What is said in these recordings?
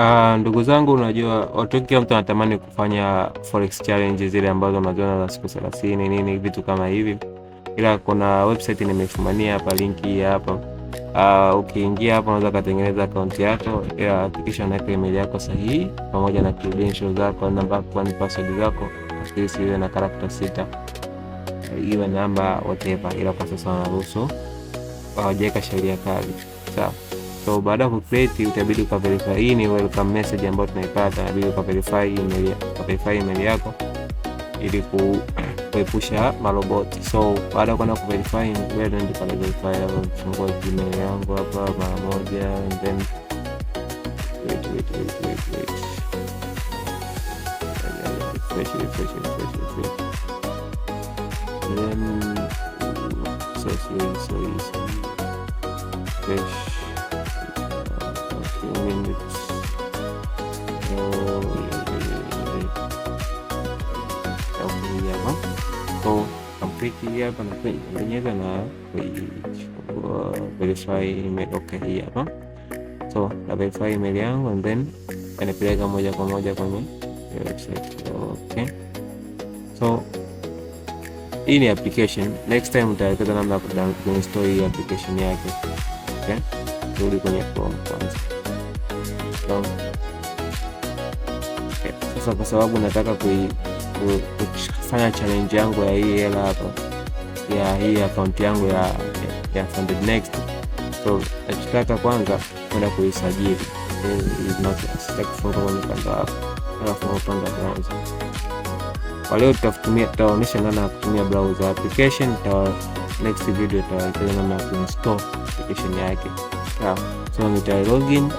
Uh, ndugu zangu, unajua watu, kila mtu anatamani kufanya forex challenge zile ambazo unaziona za siku 30 nini vitu kama hivi, ila kuna website nimefumania hapa, linki hii hapa. Uh, ukiingia hapa unaweza kutengeneza account yako, ila hakikisha unaweka email yako sahihi pamoja na credentials zako, namba na password zako, isiwe na character sita, iwe namba whatever, ila kwa sasa wanaruhusu, wajeka ah, sheria kali, sawa So, So baada ya kucreate utabidi ukaverify. Hii ni welcome message ambayo tunaipata, inabidi ukaverify email, ukaverify email yako ili kuepusha maroboti. So baada ya kwenda kuverify wewe ndio pale verify hapo, fungua Gmail yangu hapa mara moja and then wait wait wait wait wait refresh refresh refresh refresh then so so so so refresh few minutes. So hapa complete hii hapa nabonyeza na verify email. Okay, hii hapa so na verify email yangu and then anapeleka moja kwa moja kwenye website. Okay, so hii ni application. Next time utaelekeza namna ya kuinstall hii application yake. Okay, turudi kwenye form kwanza account. Eh, sasa kwa sababu nataka kufanya challenge yangu ya hii hela hapa ya hii account yangu ya, ya Funded Next, so nachotaka kwanza kwenda kuisajili kwa leo tutaonyesha namna ya kutumia browser application. Next video tutaelekeza namna ya kuinstall application yake. Sawa, so nita login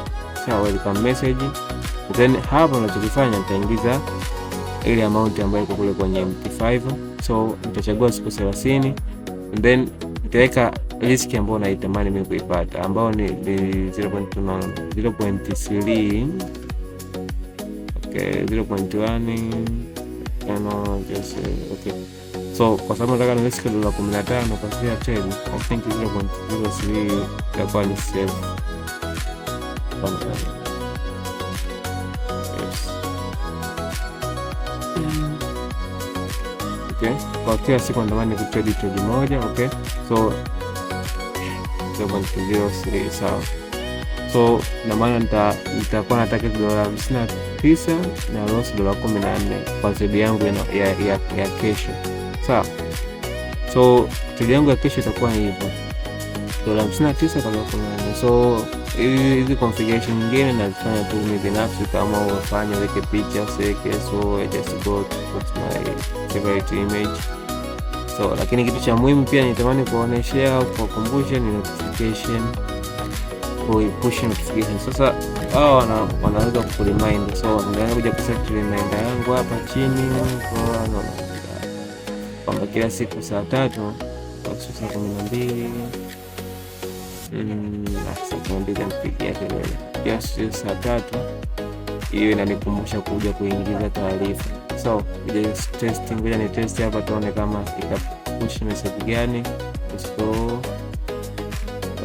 kisha welcome message. Then hapa unachokifanya utaingiza ile amount ambayo iko kule kwenye MT5, so nitachagua siku 30, then nitaweka risk ambayo naitamani mimi kuipata ambayo ni 0.3 okay, 0.1 just okay so kwa sababu nataka ni nilisikia dola 15 kwa sababu ya trade, I think 0.03 itakuwa ni safe function. Yes. Okay. Kwa kila siku natamani kutrade trade moja, Ok. So 0.03 sawa. So na maana nitakuwa na target dola 59 na loss dola 14 kwa trade yangu ya, ya, ya kesho sawa. So trade yangu ya kesho itakuwa hivyo dola 59 kwa dola 14 so Eh, hizi configuration nyingine nazifanya tu mimi binafsi, kama ufanya weke picha seke, so I just go to put my favorite image. So lakini kitu cha muhimu pia nitamani kuwaoneshea au kuwakumbusha ni notification, push notification. Sasa hao wana, wanaweza kuremind, so ndio kuja kuset reminder yangu hapa chini kwamba kila siku saa tatu kwa saa kumi na mbili mm, nasakimbika mpigia kelele kiasi saa tatu hiyo inanikumbusha kuja kuingiza taarifa. So testing, ngoja ni test hapa, tuone kama itapush message gani. So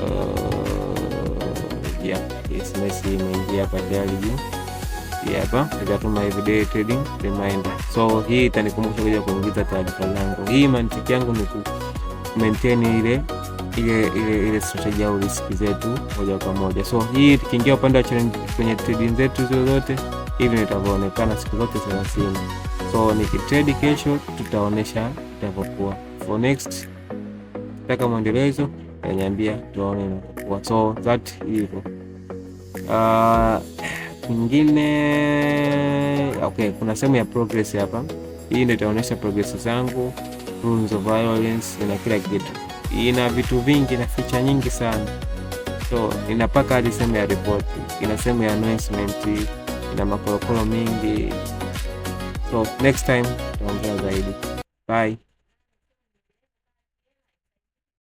uh, yeah, SMS imeingia hapa tayari juu hapa itatuma everyday trading reminder. So hii itanikumbusha kuja kuingiza taarifa zangu. Hii mantiki yangu ni ku maintain ile ile ile ile strategy au riski zetu moja kwa moja. So hii tukiingia upande wa challenge kwenye trading zetu zile zote, hivi itavyoonekana siku zote 30. So nikitrade kesho, tutaonesha itavyokuwa. For next taka mwendelezo tanyambia tuone inakuwa. So that hivyo ah, Kingine okay, kuna sehemu ya progress hapa. Hii ndio itaonyesha progress zangu, rules of violence na kila kitu ina vitu vingi na feature nyingi sana, so ina paka hadi sehemu ya report, ina sehemu ya announcement, ina makorokoro mengi. So next time tutaongea zaidi. Bye.